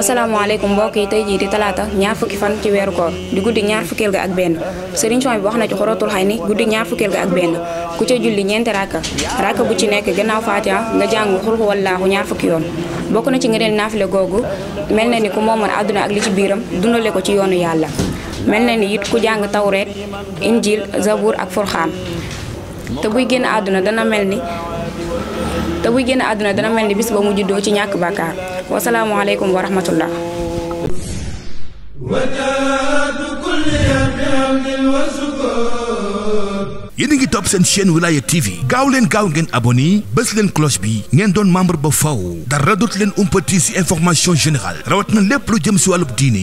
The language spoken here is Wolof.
asalaamaaleykum mbokk yi tey jii di talaata ñaar fukki fan ci weeru koor di guddi ñaar fukkeel ga ak benn sëriñ Soñ bi wax na ci xorotul xay ni guddi ñaar fukkeel ga ak benn ku ca julli ñeenti rakka rakka bu ci nekk gannaaw faatiha nga jàng xul wallaahu ñaar fukki yoon bokk na ci ngëneel naafile googu mel na ni ku moomoon àdduna ak li ci biiram dundale ko ci yoonu yàlla mel na ni it ku jàng tawreet injil zabur ak furxaan te buy génn àdduna dana mel ni te buy génn àdduna dana mel ni bis ba mu juddoo ci ñàkk bàkkaar wasalaamualeykum wa rahmatullah yéen a ngi topp seen chaîne Wilaya TV gaaw leen gaaw ngeen abonné bés leen cloche bi ngeen doon membre ba faw dara dootu leen umpati ci information général rawat na lépp lu jëm ci wàllu diini